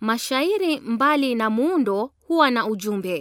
Mashairi mbali na muundo huwa na ujumbe.